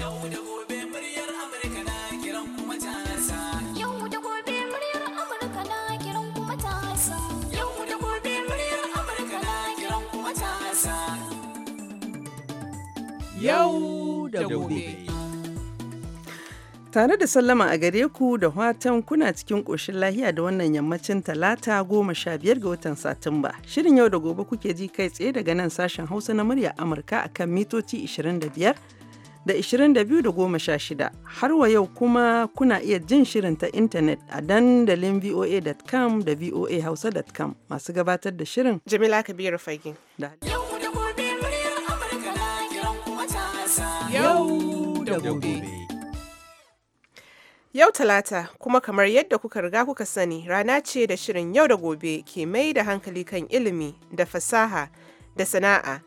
Yau da gobe Tare da sallama a gare ku da watan kuna cikin ƙoshin lahiya da wannan yammacin talata goma sha biyar ga watan Satumba. Shirin yau da gobe kuke ji kai tsaye daga nan sashen Hausa na murya Amurka akan mitoci 25 da 22.16 har wa yau kuma kuna iya jin shirin ta intanet a dandalin voa.com da voahausa.com masu gabatar da shirin Jamila Kabiru Fage. Yau da gobe. Yau Talata kuma kamar yadda kuka riga kuka sani rana ce da shirin yau da gobe ke mai da hankali kan ilimi da fasaha da sana'a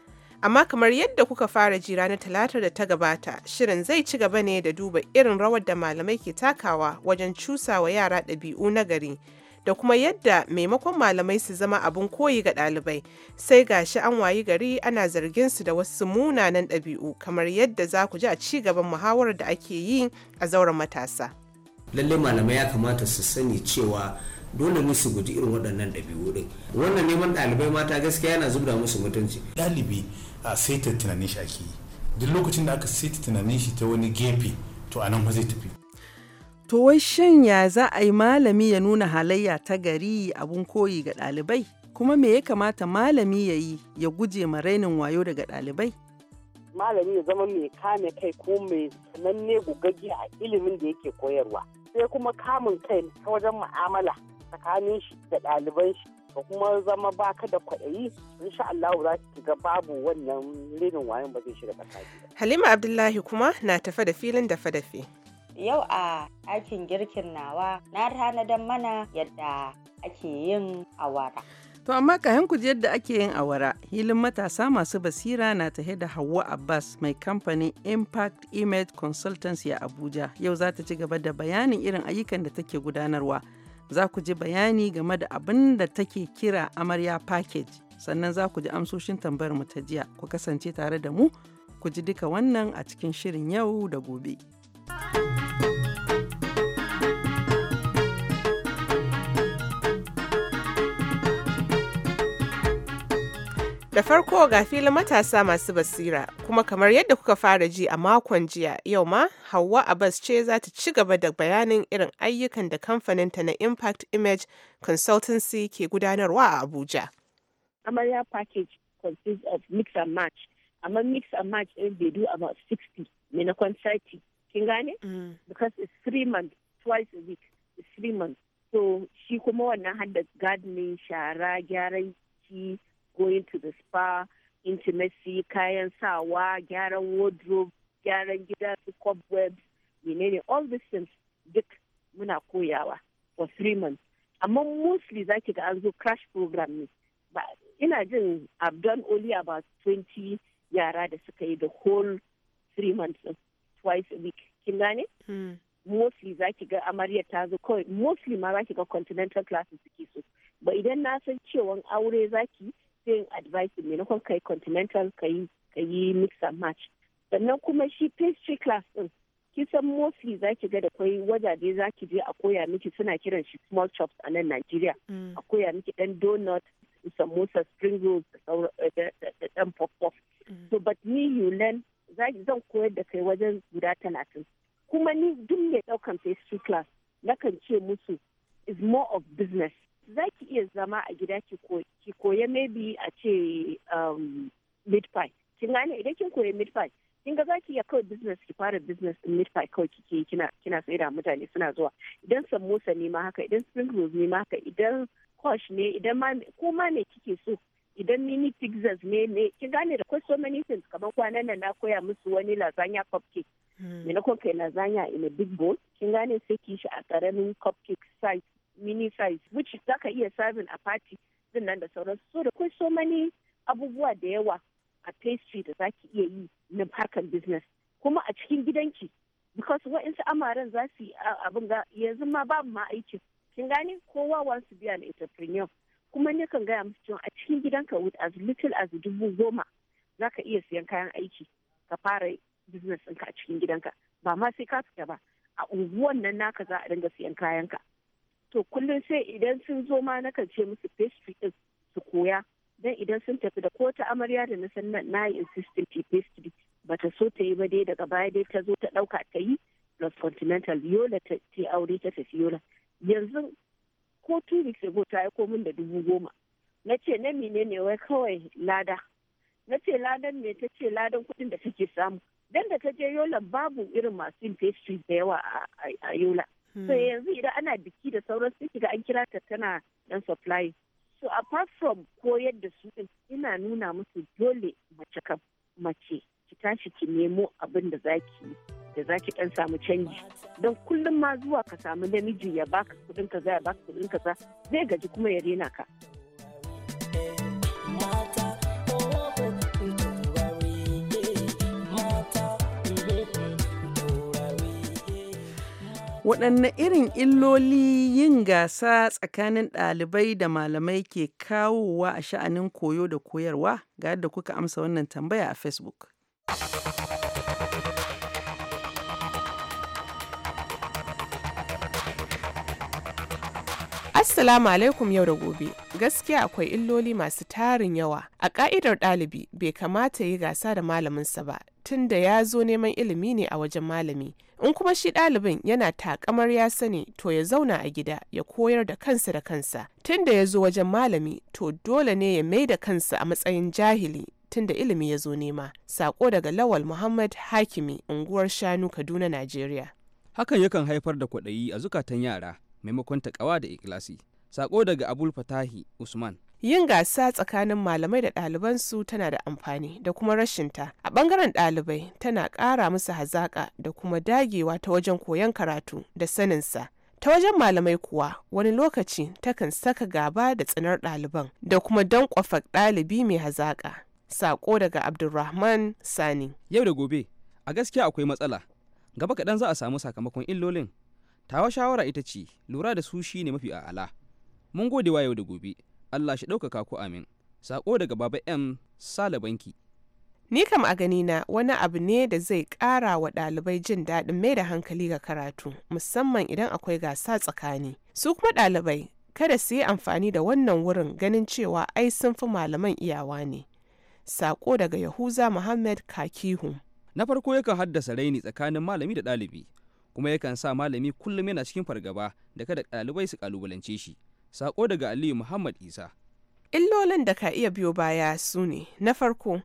Amma kamar yadda kuka fara ji ranar talatar da ta gabata, shirin zai ci gaba ne da duba irin rawar da malamai ke takawa wajen cusawa yara ɗabi'u na gari. Da kuma yadda maimakon malamai su zama abin koyi ga ɗalibai, sai ga shi an wayi gari ana zargin su da wasu munanan ɗabi'u kamar yadda za ku ji a ci gaban muhawarar da ake yi a zauren matasa. lalle malamai ya kamata su sani cewa dole musu guji irin waɗannan ɗabi'u ɗin wannan neman ɗalibai mata gaskiya yana zubda musu mutunci ɗalibi a saita tunanin shi ake yi duk lokacin da aka saita tunanin shi ta wani gefe to a nan zai tafi to wai shan ya za a yi malami ya nuna halayya ta gari abun koyi ga ɗalibai kuma me ya kamata malami ya yi ya guje ma rainin wayo daga ɗalibai malami ya zama mai kame kai ko mai sananne gugagge a ilimin da yake koyarwa sai kuma kamun kai ta wajen mu'amala tsakanin shi da ɗaliban shi ka kuma zama baka da kwaɗayi insha Allah za ki ga babu wannan lenin wayan ba zai shiga tsakani Halima Abdullahi kuma na tafe da filin dafa dafe Yau a aikin girkin nawa na tanadan mana yadda ake yin awara. To amma kayan ku yadda ake yin awara, hilin matasa masu basira na tahe da Hauwa Abbas mai kamfanin Impact Image Consultancy a Abuja. Yau za ta ci gaba da bayanin irin ayyukan da take gudanarwa. za ku ji bayani game da abin da take kira amarya package sannan za ku ji amsoshin tambayar mu ta jiya ku kasance tare da mu ku ji duka wannan a cikin shirin yau da gobe. Da farko ga filin matasa masu basira kuma kamar yadda kuka fara ji a makon jiya yau ma Hauwa Abbas ce za ta ci gaba da bayanin irin ayyukan da kamfaninta na Impact Image Consultancy ke gudanarwa a Abuja. Amarya package consists of mix and match. Amma mix and match in they do about 60 maimakon 30. Kin gane? Mm. Because it's three months, twice a week. It's three months. So shi kuma wannan haddasa gardening, shara, gyaran ki, going to the spa intimacy kayan sawa gyaran wardrobe gyaran gida su cobwebs menene all these things duk muna koyawa for three months amma mostly za ki ga an zo crash program ne ina jin i've done only about 20 yara da suka yi the whole three months twice a week kin gane hmm. mostly za ki ga amarya ta zo kawai mostly ma za ki ga continental classes suke so ba idan na san cewa aure za ki bin advice maimakon ka yi continental kayi yi mix and match sannan kuma shi pastry class din kisan mostly za ki ga da kwai wajaje za ki je a koya miki suna kiran shi small chops a nan Najeriya mm. a koya miki dan donut samosa spring rolls da dan pop pop so but me you learn zan koyar da kai wajen guda talatin kuma ni duk mai daukan pastry class nakan ce musu is more of business za ki iya zama a gida ki koya maybe a ce mid um, pie kin gane idan kin koya mid pie kin ga za ki iya kawai business ki fara business din mid pie kawai kike kina kina sai da mutane suna zuwa idan samosa ne ma haka idan spring rolls ne ma haka idan kosh ne idan ma ko ma me kike so idan mini pizzas ne ne kin gane da kwai so many things kamar kwanan nan na koya musu wani lasagna cupcake me na kai lasagna in a big bowl kin gane sai ki shi a ƙaramin cupcake size mini size which ka iya serving a party din nan da sauransu so da kai so many abubuwa da yawa a pastry da za ki iya yi na harkar business kuma a cikin gidanki because wa'insu amaren za su yi abin ga yanzu ma babu ma aiki kin gane kowa wants biya be entrepreneur kuma ne kan gaya musu cewa a cikin gidanka with as little as dubu goma za ka iya siyan kayan aiki ka fara business ɗinka a cikin gidanka ba ma sai ka fita ba a unguwan nan naka za a dinga siyan kayanka to kullum sai idan sun zo ma nakan ce musu pastry din su koya dan idan sun tafi da ko ta amarya da na san nan na yi insistent pastry bata so ta yi ba dai daga baya dai ta zo ta dauka ta yi los continental yola ta aure ta tafi yola yanzu ko two weeks ago ta aiko min da dubu goma na ce na mine ne wai kawai lada na ce ladan ne ta ce ladan kudin da take samu dan da ta je yola babu irin masu yin pastry da yawa a yola Hmm. So yanzu idan ana biki da sauran su shiga an kira ta tana dan supply. So apart from koyar da su din ina nuna musu dole mace kam mace ki tashi ki nemo abin da zaki da zaki dan samu canji. Don kullum ma zuwa ka samu namiji ya baka kudin kaza ya baka kudin za zai gaji kuma ya rena ka. waɗanne irin illoli yin gasa tsakanin ɗalibai da malamai ke kawowa a sha'anin koyo da koyarwa ga yadda kuka amsa wannan tambaya a facebook Assalamu alaikum yau da gobe. Gaskiya akwai illoli masu tarin yawa. A ka'idar ɗalibi bai kamata yi gasa da malaminsa ba, tun da ya zo neman ilimi ne a wajen malami in kuma shi ɗalibin yana takamar ya sani to ya zauna a gida ya koyar da kansa da kansa tun da ya zo wajen malami to dole ne ya mai da kansa a matsayin jahili tun da ilimi ya zo nema sako daga lawal muhammad hakimi unguwar shanu kaduna najeriya hakan yakan haifar da kwaɗayi a zukatan yara maimakon ƙawa da ikilasi sako daga abul usman yin gasa tsakanin malamai da ɗalibansu tana da amfani da kuma rashinta a ɓangaren ɗalibai tana ƙara musu hazaƙa da kuma dagewa ta wajen koyon karatu da saninsa ta wajen malamai kuwa wani lokaci takan saka gaba da tsinar ɗaliban da kuma don ɗalibi mai hazaƙa sako daga abdulrahman sani yau da gobe a gaskiya akwai matsala gaba kaɗan za a samu sakamakon illolin tawa shawara ita ce lura da su shine mafi a'ala mun gode wa yau da gobe Allah shi ɗaukaka ku amin. Sako daga Baba M. Banki. Ni kam a ganina wani abu ne da zai ƙara wa ɗalibai jin daɗin mai da hankali ga karatu musamman idan akwai gasa tsakani. Su kuma ɗalibai kada su yi amfani da wannan wurin ganin cewa ai sun fi malaman iyawa ne. Sako daga Yahuza Muhammad Kakihu. Na farko yakan haddasa raini tsakanin malami da ɗalibi, kuma yakan sa malami kullum yana cikin fargaba da kada ɗalibai su ƙalubalance shi. Sako daga Aliyu Muhammad Isa. Illolin da ka iya biyo baya su ne, na farko,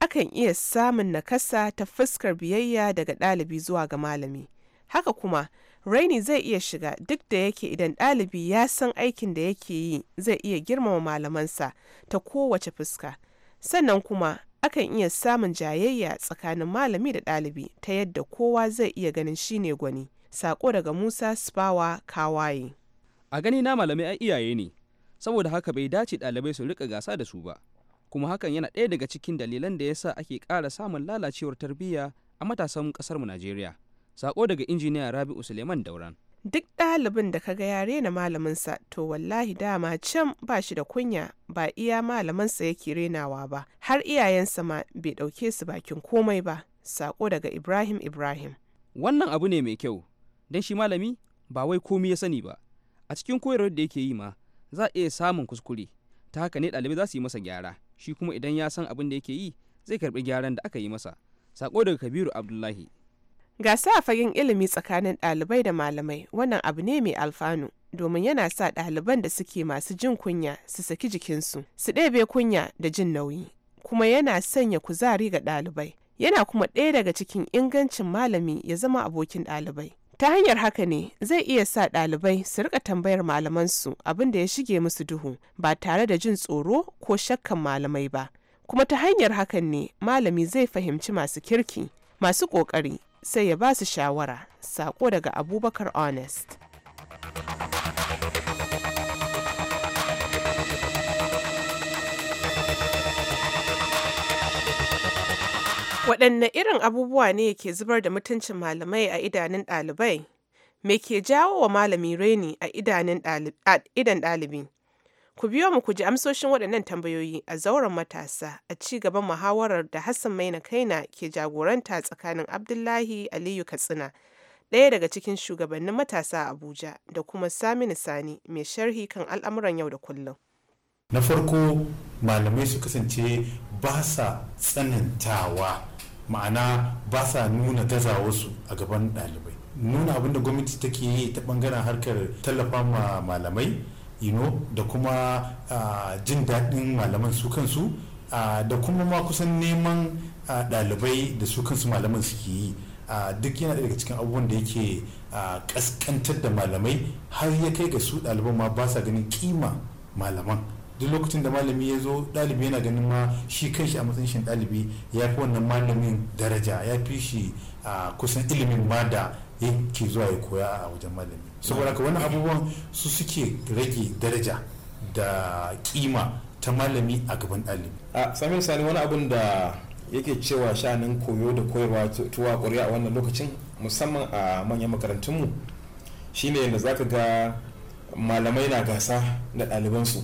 akan iya samun nakasa ta fuskar biyayya daga ɗalibi zuwa ga malami. Haka kuma, raini zai iya shiga duk da yake idan ɗalibi ya san aikin da yake yi zai iya girmama malamansa ta kowace fuska. Sannan kuma, akan iya samun jayayya tsakanin malami da ɗalibi ta yadda kowa zai iya ganin shine gwani. Sako daga Musa Spawa Kawaye. a gani na malamai ai iyaye ne saboda haka bai dace ɗalibai su rika gasa da su ba kuma hakan yana ɗaya daga cikin dalilan da yasa ake ƙara samun lalacewar tarbiyya a matasan ƙasar mu Najeriya sako daga injiniya Rabi'u Suleiman Dauran duk ɗalibin da kaga ya rena malaminsa to wallahi dama can ba shi da kunya ba iya malamansa yake renawa ba har iyayensa ma bai ɗauke su bakin komai ba sako daga Ibrahim Ibrahim wannan abu ne mai kyau don shi malami ba wai komi ya sani ba a cikin koyarwar da yake yi ma za a iya samun kuskure ta haka ne ɗalibai za su yi masa gyara shi kuma idan ya san abin da yake yi zai karbi gyaran da aka yi masa sako daga kabiru abdullahi gasa a fagen ilimi tsakanin ɗalibai da malamai wannan abu ne mai alfanu domin yana sa ɗaliban da suke masu jin kunya su saki jikinsu su ɗebe kunya da jin nauyi kuma yana sanya kuzari ga ɗalibai yana kuma ɗaya daga cikin ingancin malami ya zama abokin ɗalibai ta hanyar haka ne zai iya sa ɗalibai su rika tambayar malamansu abin da ya shige musu duhu ba tare da jin tsoro ko shakkan malamai ba kuma ta hanyar hakan ne malami zai fahimci masu kirki masu ƙoƙari sai ya ba su shawara saƙo daga abubakar honest Waɗanne irin abubuwa ne ke zubar da mutuncin malamai a idanun ɗalibai? Me ke jawo wa malami reni a idan ɗalibi? Ku biyo mu ku ji amsoshin waɗannan tambayoyi a zauren matasa a ci gaban muhawarar da Hassan Maina Kaina ke jagoranta tsakanin Abdullahi Aliyu Katsina, ɗaya daga cikin shugabannin matasa a Abuja, da kuma Saminu Sani, mai sharhi kan al'amuran yau da kullum. Na farko malamai su kasance ba sa tsanantawa ma'ana ba sa nuna gazawarsu a gaban ɗalibai nuna abinda gwamnati take yi ta ɓangaren harkar tallafa ma malamai ino da kuma jin daɗin malaman su kansu da kuma ma kusan neman ɗalibai da su kansu malaman suke yi duk yana daga cikin abubuwan da yake kaskantar da malamai har ya kai ga su ɗaliban ma ba sa ganin kima malaman duk lokacin da malami ya zo ɗalibi yana ganin ma shi kai shi a matsayin shi ɗalibi ya fi wannan malamin daraja ya fi shi a kusan ilimin ma da yake zuwa ya koya a wajen malami saboda haka wani abubuwan su suke rage daraja da kima ta malami a gaban ɗalibi a sami sani wani abun da yake cewa sha'anin koyo da koyarwa tuwa ƙuri'a a wannan lokacin musamman a manyan makarantunmu shine yadda zaka ga malamai na gasa da ɗalibansu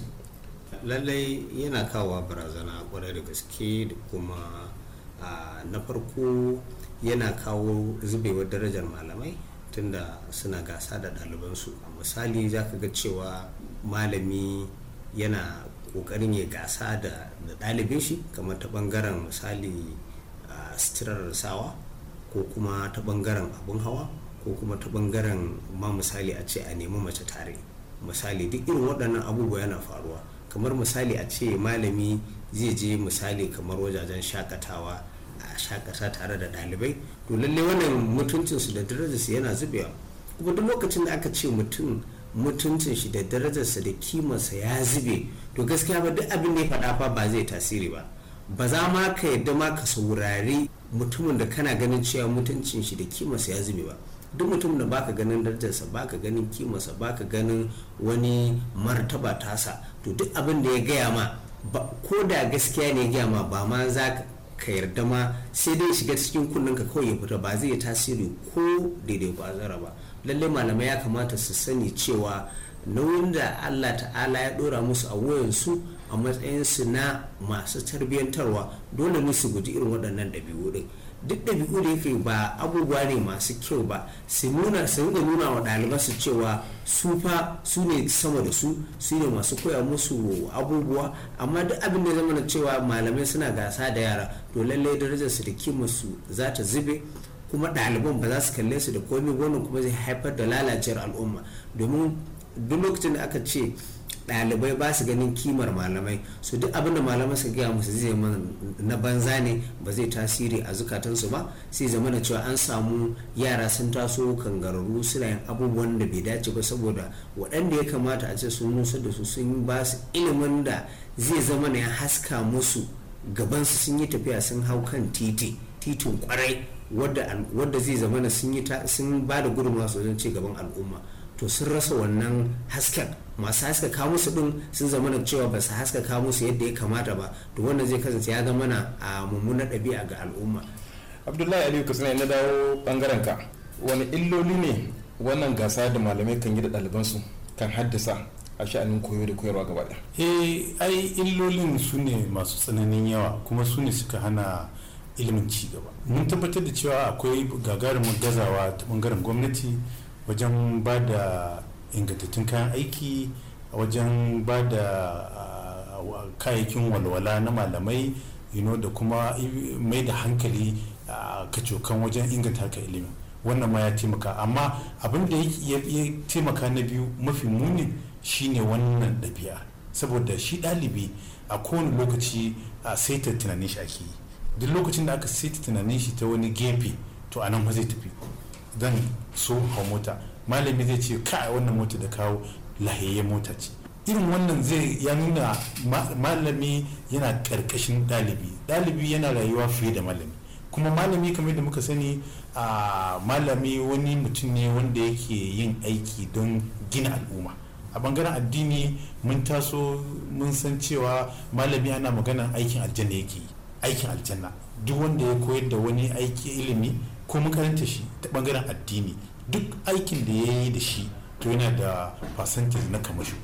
lallai yana kawo barazana kwarai da gaske da kuma na farko yana kawo zubewar darajar malamai tunda suna gasa da ɗalibansu misali za ka ga cewa malami yana ƙoƙarin ya gasa da ɗalibin shi kamar ta bangaren misali sitirar sawa ko kuma ta ɓangaren abun hawa ko kuma ta ɓangaren ma misali a ce a nemi mace tare misali duk irin waɗannan abubuwa yana faruwa kamar misali a ce malami zai je misali kamar wajajen shakatawa a shakata tare da ɗalibai to lalle wannan mutuncinsu da su yana zubewa kuma duk lokacin da aka ce mutum mutuncin shi da darajarsa da kimarsa ya zube to gaskiya ba duk abin da ya faɗa fa ba zai tasiri ba ba za ma ka yadda ma ka saurari mutumin da kana ganin cewa mutuncin shi da kimarsa ya zube ba duk mutum da baka ganin darajarsa baka ganin kimarsa baka ganin wani martaba tasa to duk abin da ya gaya ma ko da gaskiya ne ya gaya ma ba ma za ka yarda ma sai dai shiga cikin kunnen ka kawai ya fita ba zai tasiri ko daidai ba zara ba lallai malamai ya kamata su sani cewa nauyin da allah ta'ala ya dora musu a wayan su a matsayin su na masu tarbiyyantarwa dole ne su guji irin waɗannan dabi'u ɗin duk ɗabi'u da yake ba abubuwa ne masu kyau ba su nuna nuna wa ɗaliban su cewa su fa su ne sama da su su ne masu koya musu abubuwa amma duk abin da zama cewa malamai suna gasa da yara to lallai darajar su da kimarsu za ta zube kuma ɗaliban ba za su kalle su da komai wannan kuma zai haifar da lalacewar al'umma domin duk lokacin da aka ce ɗalibai ba su ganin kimar malamai su duk abin da malamai suka gaya musu zai zama na banza ne ba zai tasiri a zukatansu ba sai zama da cewa an samu yara sun taso kangararru suna yin abubuwan da bai dace ba saboda waɗanda ya kamata a ce sun nusa da su sun ba su ilimin da zai zama na haska musu gaban su sun yi tafiya sun hau kan titi titin kwarai wadda zai zama na sun ba da gudunmawa sosai ci gaban al'umma to sun rasa wannan hasken masu haskaka musu din sun zama da cewa ba su haskaka musu yadda ya kamata ba to wannan zai kasance ya zama na a mummuna ɗabi'a ga al'umma abdullahi aliyu kasina na dawo bangaren ka wani illoli ne wannan gasa da malamai kan yi da ɗalibansu kan haddasa a sha'anin koyo da koyarwa gaba ɗaya eh ai illolin su ne masu tsananin yawa kuma su ne suka hana ilimin ci gaba mun tabbatar da cewa akwai gagarumin gazawa ta bangaren gwamnati wajen ba da ingantattun kayan aiki wajen ba da ah, kayayyakin walwala na malamai ino da kuma mai da hankali ah, kacokan wajen inganta haka ilimin wannan ma ya taimaka amma abin da ya taimaka na biyu mafi muni shine wannan ɗabi'a saboda shi ɗalibi a kowane lokaci a ah, saita tunanin shi ake yi duk lokacin da aka saita tunanin shi ta wani gefe to anan ma zai tafi zan so hau mota malami zai ce ka wannan mota da kawo lahiyayyen mota ce irin wannan zai ya nuna malami yana karkashin dalibi dalibi yana rayuwa fiye da malami kuma malami kamar da muka sani a malami wani mutum ne wanda yake yin aiki don gina al'umma a bangaren addini mun taso mun san cewa malami ana maganan aikin aljanna yake aikin aljanna duk wanda ya koyar da wani aiki ilimi ko makaranta shi ta bangaren addini duk aikin da ya yi da shi to yana da fasantin na kamashu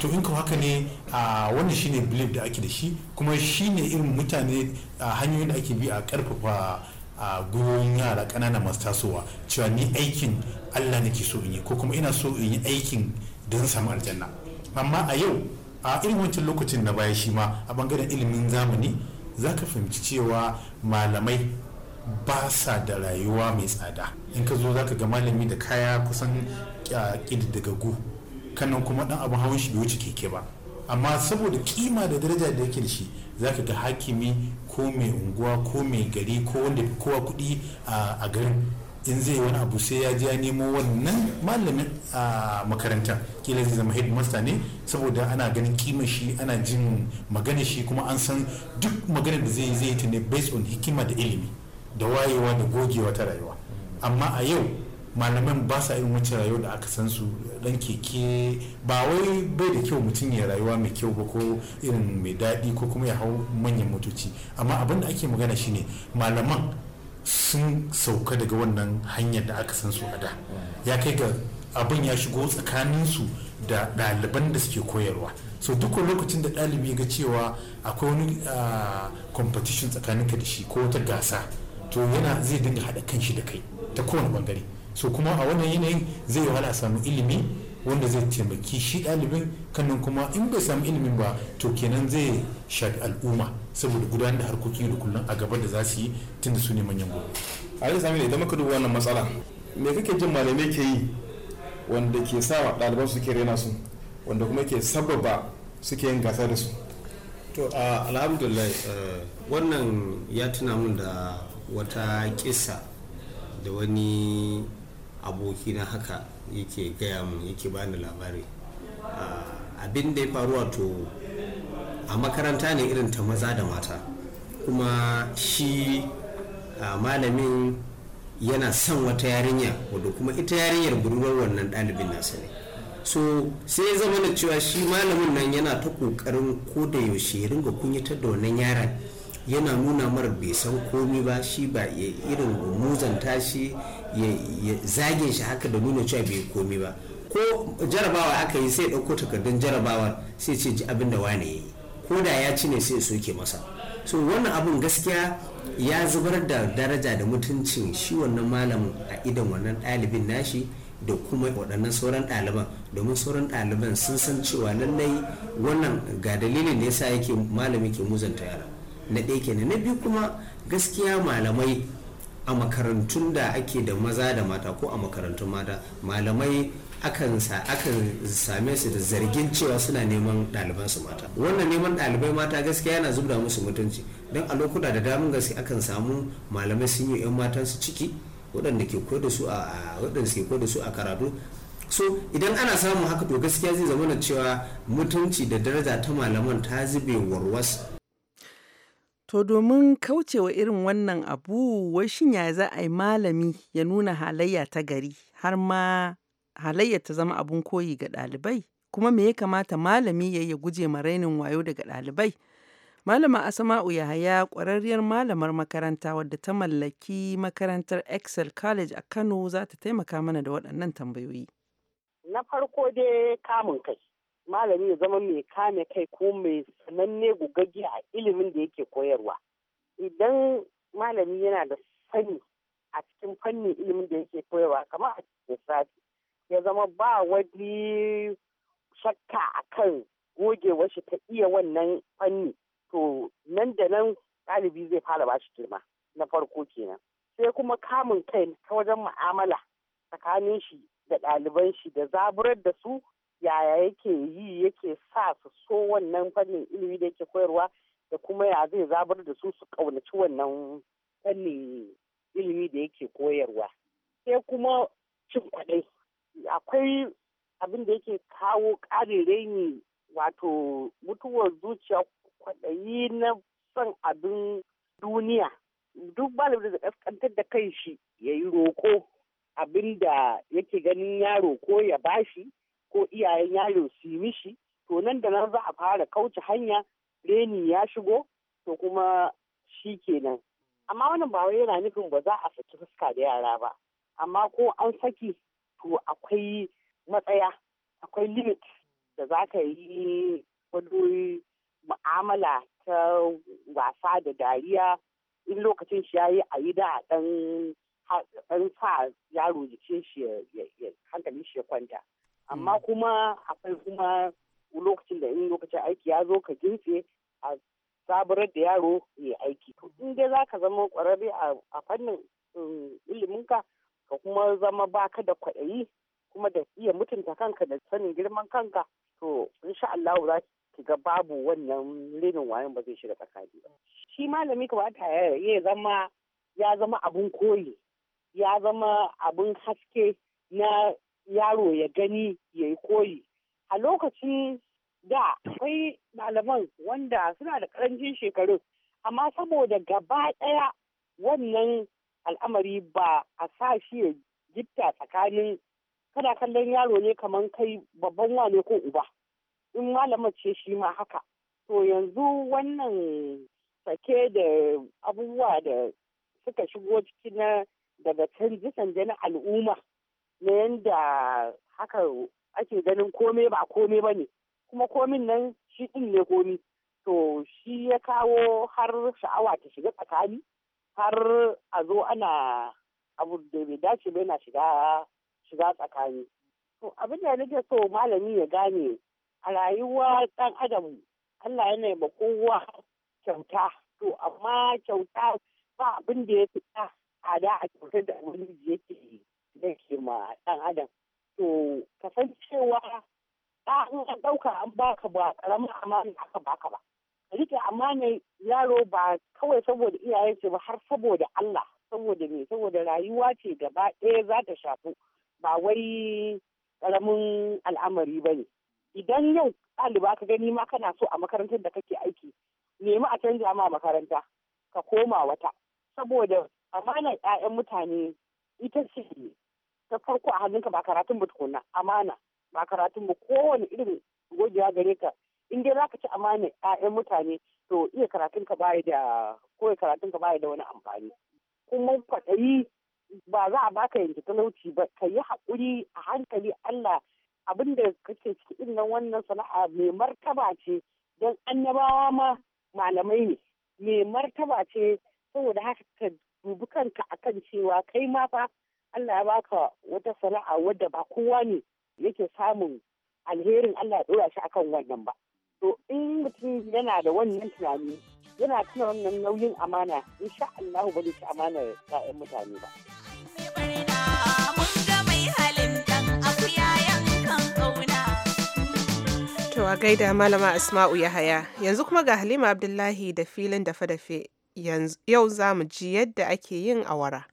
to in ka haka ne a wannan shine belief da ake da shi kuma shine irin mutane a hanyoyin da ake bi a karfafa a gurin yara ƙanana masu tasowa cewa ni aikin allah nake so in yi ko kuma ina so in yi aikin don samu aljanna amma a yau a irin wancan lokacin na baya shi ma a bangaren ilimin zamani za ka fahimci cewa malamai ba sa da rayuwa mai tsada in ka zo zaka ga malami da kaya kusan gu kanan kuma dan abu hawan shi bai wuce keke ba amma saboda kima da daraja da yake da shi zaka ga hakimi ko mai unguwa ko mai gari ko wanda fi kowa kuɗi a garin in zai wani abu sai ya je ya nemo wannan malamin a makaranta kila zai zama headmaster ne saboda ana ganin kima shi ana jin magana shi kuma an san duk magana da zai zai ta ne based on hikima da ilimi da wayewa da gogewa ta rayuwa amma a yau malaman ba sa irin wacce rayuwa da aka san su dan keke ba wai bai da kyau mutum ya rayuwa mai kyau ba ko irin mai daɗi ko kuma ya hau manyan motoci amma abin da ake magana shine malaman sun sauka daga wannan hanyar da aka san su a da ya kai ga abin ya shigo tsakaninsu da ɗaliban da suke koyarwa so duk lokacin da ɗalibi ga cewa akwai wani ah, competition tsakaninka da shi ko wata gasa to yana zai dinga haɗa kan shi da kai ta kowane bangare so kuma a wannan yanayin zai wahala samu ilimi wanda zai taimaki shi ɗalibin kannan kuma in bai samu ilimin ba to kenan zai shafi al'umma saboda gudanar da harkokin da kullum a gaba da za su yi tun da su ne manyan gobe. a yi sami idan muka duba wannan matsala me kake jin malamai ke yi wanda ke sa ɗaliban suke rena su wanda kuma ke sababa suke yin gasa da su. to alhamdulillah eh, wannan ya tuna mun da wata kisa da wani aboki na haka yake gaya mu yake bani labari ah, abin da ya faru wato a makaranta ne irin ta maza da mata kuma shi ah, malamin yana son wata yarinya wadda kuma ita yarinyar budurwar wannan ɗalibin nasa ne so sai zama da cewa shi malamin nan yana ta ƙoƙarin ko da yaushe ya ringa kunyatar da wannan yaran yana nuna mara bai san komi ba shi ba ya irin muzanta shi ya zage shi haka da nuna cewa bai komi ba ko jarabawa aka yi sai ɗauko takardun jarabawar sai ce ji abin da wane ya yi ko da ya ci ne sai soke masa so wannan abun gaskiya ya zubar da daraja da mutuncin shi wannan malamin a idan wannan ɗalibin nashi da kuma waɗannan sauran ɗaliban domin sauran ɗaliban sun san cewa lallai wannan ga dalilin da yasa yake malami ke muzanta yara na ɗaya kenan na biyu kuma gaskiya malamai a makarantun da ake da maza da mata ko a makarantun mata malamai akan same su da zargin cewa suna neman ɗaliban su mata wannan neman ɗalibai mata gaskiya yana zubda musu mutunci don a lokuta da damun gaske akan samu malamai sun yi 'yan matan su ciki waɗanda ke koyar su a waɗanda ke ko da su a karatu so idan ana samun haka to gaskiya zai zama cewa mutunci da daraja ta malaman ta zube warwas To domin kaucewa irin wannan abu, wai shin ya za a yi malami ya nuna halayya ta gari har ma halayya ta zama abun koyi ga ɗalibai? Kuma me ya kamata malami ya yi ya guje ma rainin wayo daga ɗalibai? Malama Asma'u Yahaya ƙwararriyar malamar makaranta wadda ta mallaki makarantar Excel College a Kano za ta taimaka mana da waɗannan tambayoyi. Na farko dai kamun kai. malami ya zama mai kame kai ko mai sananne gugagge a ilimin da yake koyarwa idan malami yana da sani a cikin fannin ilimin da yake koyarwa kamar a cikin lissafi ya zama ba wani shakka kan gogewar shi ta iya wannan fanni to nan da nan ɗalibi zai fara ba shi girma na farko kenan sai kuma kamun kai ta wajen mu'amala tsakanin shi da ɗaliban shi da zaburar da su yaya yake yi yake sa su so wannan fannin ilimi da yake koyarwa da kuma ya zai zabar da su su kaunaci wannan fannin ilimi da yake koyarwa sai kuma cin kwaɗai akwai abin da yake kawo ƙarin raini wato mutuwar zuciya kwaɗayi na son abin duniya duk balibin da kaskantar da kai shi ya yi roko abin da yake ganin ya roko ya bashi ko iyayen yaro su yi mishi to nan da nan za a fara kauce hanya reni ya shigo to kuma shi kenan amma wannan ba wai yana nufin ba za a saki fuska da yara ba amma ko an saki to akwai matsaya akwai limit da za ka yi wani mu'amala ta wasa da dariya in lokacin shi yayi a yi da dan sa yaro jikin shi ya hankalin shi ya kwanta amma mm. kuma akwai kuma lokacin da in lokacin aiki ya zo ka girce a sabarar da yaro ya aiki in dai za ka zama kwararre a fannin um, iliminka ka kuma zama baka da kwaɗayi kuma da iya mutunta kanka da sanin girman kanka to insha Allah za ki ga babu wannan rinin wayan ba zai shiga tsakani ba shi malami kamata ya zama ya zama abun koyi ya zama abun haske na yaro ya gani ya yi koyi a lokacin da akwai malaman wanda suna da karancin shekarun amma saboda gaba ɗaya wannan al'amari ba a sa shi ya gifta tsakanin kana kallon yaro ne kamar kai babban wane ko uba in malama ce shi ma haka to yanzu wannan sake da abubuwa da suka shigo ciki na daga canji canje na al'umma na yanda haka ake ganin komai ba komai ba ne kuma komin nan shi ɗin ne komi to shi ya kawo har sha'awa ta shiga tsakani har a zo ana abu da bai dace ba yana shiga tsakani to abin da nake so malami ya gane a rayuwa ɗan adam Allah yana ba kowa kyauta to amma kyauta ba abin da ya fita a da a kyautar da ke yake zai ke ma ɗan adam to kasancewa ba an ɗauka an baka ba ƙaramin amana aka baka ba a rike amanar yaro ba kawai saboda iyaye ce ba har saboda Allah saboda me saboda rayuwa ce gaba ɗaya za ta shafu ba wai ƙaramin al'amari ba ne idan yau ɗaliba ka gani ma kana so a makarantar da kake aiki nemi a canja ma makaranta ka koma wata saboda amanar 'ya'yan mutane ita ce ta farko a hannunka ba karatun ba tukuna amana ba karatun ba kowane irin gogewa gare ka in dai ka ci amana ƴaƴan mutane to iya karatun ka da karatun ka baya da wani amfani kuma kwaɗayi ba za a baka yanke talauci ba ka yi haƙuri a hankali Allah abin da kake cikin nan wannan sana'a mai martaba ce don annabawa ma malamai ne mai martaba ce saboda haka ka dubi kanka akan cewa kai ma fa Allah ya baka wata sana'a wadda ba kowa ne yake samun alherin Allah ya ɗora shi akan wannan ba. To in mutum yana da wannan tunani yana tuna wannan nauyin amana insha Allah ba zai ci amanar 'ya'yan mutane ba. a gaida malama asma'u yahaya yanzu kuma ga halima abdullahi da filin dafe-dafe yau za mu ji yadda ake yin awara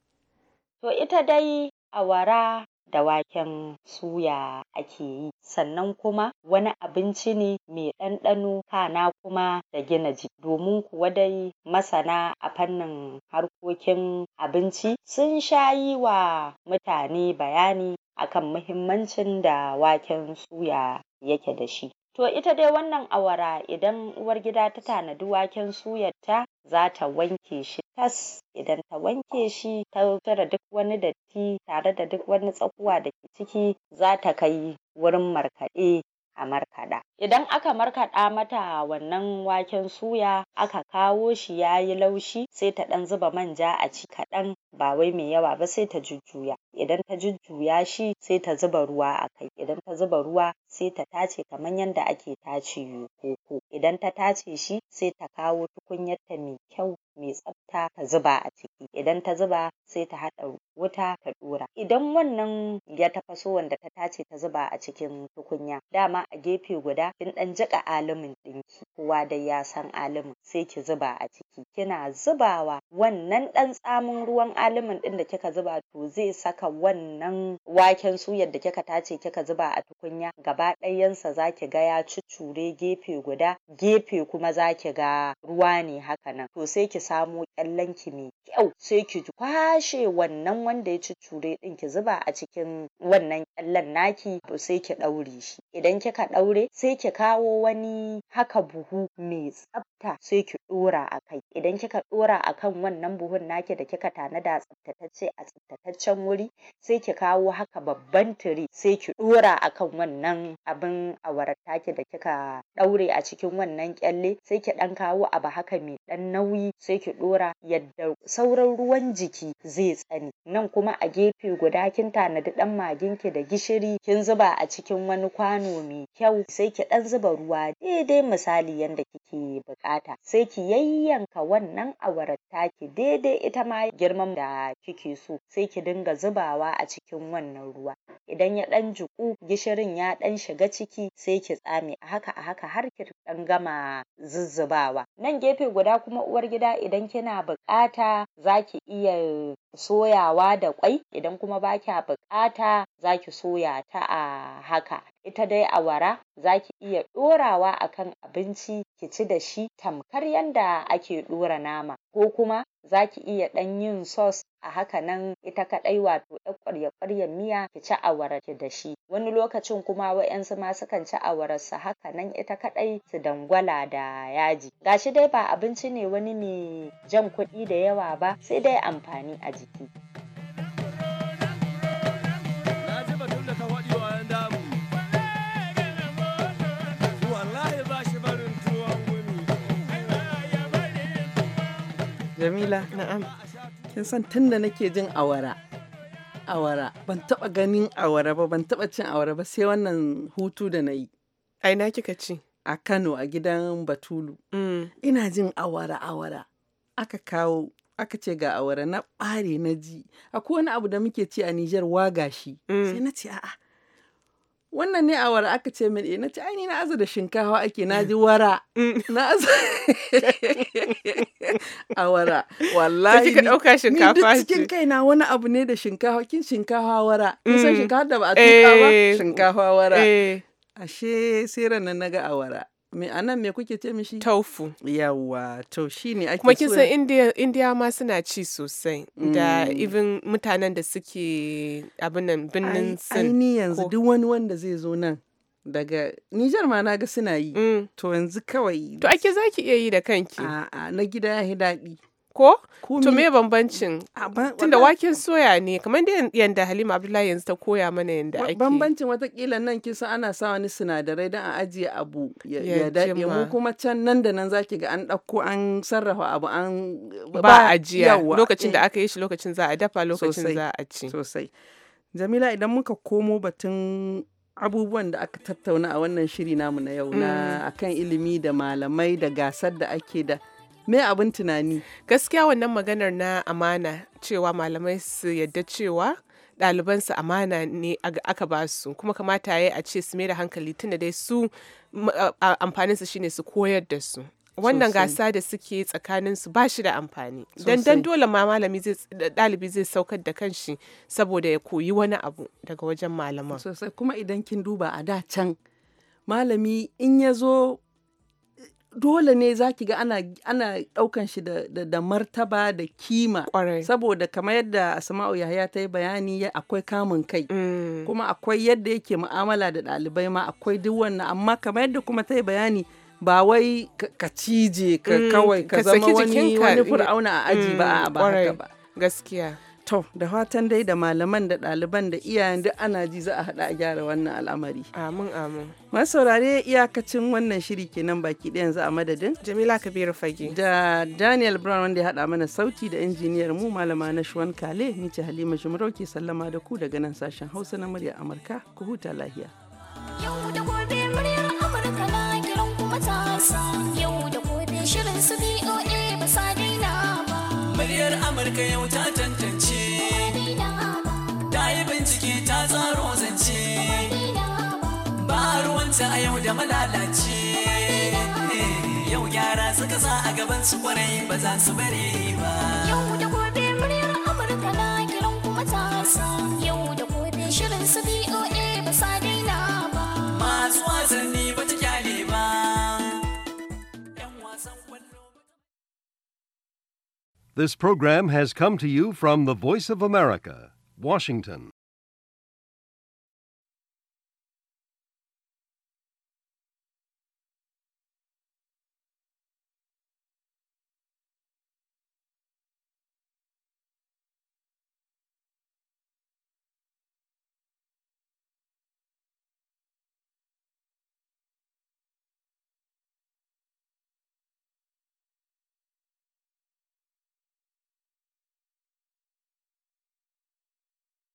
To ita dai awara da waken suya ake yi sannan kuma wani abinci ne mai ɗanɗano kana kuma da gina jiki domin kuwa dai masana a fannin harkokin abinci sun sha yi wa mutane bayani akan muhimmancin da waken suya yake da shi. To ita dai wannan awara idan uwargida ta tanadi waken suyarta za ta wanke shi tas idan ta wanke shi ta cire duk wani datti tare da duk wani tsakuwa da ke ciki za ta kai wurin markaɗe a markaɗa idan aka markaɗa mata wannan waken suya aka kawo shi ya yi laushi sai ta ɗan zuba manja a ci kaɗan ba wai mai yawa ba sai ta jujjuya idan ta jujjuya shi sai ta zuba ruwa a kai idan ta zuba ruwa sai ta tace kamar yadda ake tace koko idan ta tace shi sai ta kawo tukunyarta mai kyau mai tsafta ta zuba a ciki idan ta zuba sai ta haɗa wuta ta ɗora idan wannan ya tafaso wanda ta tace ta zuba a cikin tukunya dama a gefe guda kin ɗan jiƙa alumin ɗinki kowa dai ya san alumin sai ki zuba a ciki kina zubawa wannan ɗan tsamin ruwan alumin ɗin da kika zuba to zai saka wannan waken suyar da kika tace kika zuba a tukunya gaba gaba ɗayansa zaki ga ya cicure gefe guda gefe kuma zaki ga ruwa ne haka nan to sai ki samo kyallen ki mai kyau sai ki kwashe wannan wanda ya cuture ɗin ki zuba a cikin wannan kyallen naki sai ki ɗaure shi idan kika ɗaure sai ki kawo wani haka buhu mai tsafta sai ki ɗora a kai idan kika ɗora a kan wannan buhun naki da kika tanada tsaftatacce a tsaftataccen wuri sai ki kawo haka babban tire sai ki ɗora a kan wannan abin awarata taki da kika ɗaure a cikin wannan kyalle sai ki ɗan kawo abu haka mai ɗan nauyi sai ki ɗora yadda sauran ruwan jiki zai tsane nan kuma a gefe guda kin tanadi ɗan magin ki da gishiri kin zuba a cikin wani kwano mai kyau sai ki ɗan zuba ruwa daidai misali yanda kike buƙata sai ki yayyanka wannan awarar taki daidai ita ma girman da kike so sai ki dinga zubawa a cikin wannan ruwa idan ya ɗan jiƙu gishirin ya ɗan shiga ciki sai ki tsame a haka a haka har ki ɗan gama zuzzubawa nan gefe guda kuma uwargida idan kina bukata zaki iya soyawa da kwai, idan kuma ba kya buƙata zaki soya ta a haka ita dai awara zaki iya ɗorawa kan abinci ki ci da shi tamkar yanda ake ɗora nama ko kuma zaki iya ɗan yin sos. a haka nan ita kaɗai wato ƴar ƙwarya ƙwaryar miya ki ci awara ki da shi wani lokacin kuma wa'yansu ma sukan ci awarar su haka nan ita kaɗai su dangwala da yaji gashi dai ba abinci ne wani mai jan kuɗi da yawa ba sai dai amfani a jiki Jamila, na'am. kin san tun da nake jin awara awara ban taba ganin awara ba ban taba cin awara ba sai wannan hutu da na yi a ina kika ci a kano a gidan batulu mm. ina jin awara awara aka kawo aka ce ga awara na ɓare na ji akwai wani abu da muke ci a nijar wagashi mm. sai na ce a'a wannan ne a wara aka ce min eh. na ce ai na aza da shinkawa ake na ji wara na aza a wara wallahi ka dauka shinkafa ni cikin kaina wani abu ne da shinkawa kin shinkawa wara kin san mm. shinkawa da ba a tuka ba eh. shinkawa wara eh. ashe sai ranan naga awara Me nan me kuke ce mishi? Tofu. Yawa, to shine ake Kuma kin san India, ma suna ci sosai da mm. even mutanen da suke abin nan birnin Ai ni yanzu duk wani wanda zai zo nan daga Nijar ma na ga suna yi. Mm. To yanzu kawai. To ake zaki iya yi da kanki. A'a na gida ya daɗi. ko? To me bambancin? Tunda waken soya ne kamar da yanda Halima Abdullahi yanzu ta koya mana yanda ake. Bambancin watakila nan kisa ana sa wani sinadarai don a ajiye abu ya daɗe mu kuma can nan da nan zaki ga an ɗauko an sarrafa abu an ba ajiya lokacin da eh. aka yi shi lokacin za a dafa lokacin za a ci. Sosai. Jamila idan muka komo batun abubuwan da aka tattauna a wannan shiri namu na yau na mm. akan ilimi da malamai da gasar da ake da. Mai abin tunani gaskiya wannan maganar na amana cewa malamai su yadda cewa ɗalibansu amana ne aka ba su kuma kamata ya a ce su mai da hankali tunda dai su amfanin su shine su koyar da su wannan gasa da suke tsakanin su ba shi da amfani don dan dole ma malami zai dalibi zai saukar da kanshi saboda ya koyi wani abu daga wajen malaman sosai kuma idan kin duba a da can malami in ya zo dole ne za ki ga ana ana daukan shi da, da, da martaba da kima saboda kamar yadda asma'u yahaya ta yi bayani ya akwai kamun kai mm. kuma akwai yadda yake mu'amala da ɗalibai ma akwai duk wannan amma kamar yadda kuma ta yi bayani ba wai ka cije ka mm, kawai ka zama wani wani fir'auna a aji ba mm, a ba haka ba gaskiya To, da fatan dai da malaman da ɗaliban da iyayen duk ana ji za a haɗa a gyara wannan al'amari. Amin, amin. saurare iyakacin wannan shiri kenan baki ɗaya yanzu a madadin. Jamila Kabiru Fage. Da Daniel Brown wanda ya haɗa mana sauti da injiniyar mu malama na Shuwan Kale, ni ce Halima Jumarau ke sallama da ku daga nan sashen Hausa na murya Amurka, ku huta lahiya. Yau da gobe muryar Amurka na kiran kuma ta yau da gobe shirin su BOA ba sa daina ba. Muryar Amurka yau ta tantance. a yau da yau gyara suka sa a kwarai ba za su bari ba yau da gobe muryar amurka na kiran kuma yau da gobe shirin su ba sa daina ba masu wasanni ba ta kyale ba This program has come to you from the Voice of America, Washington.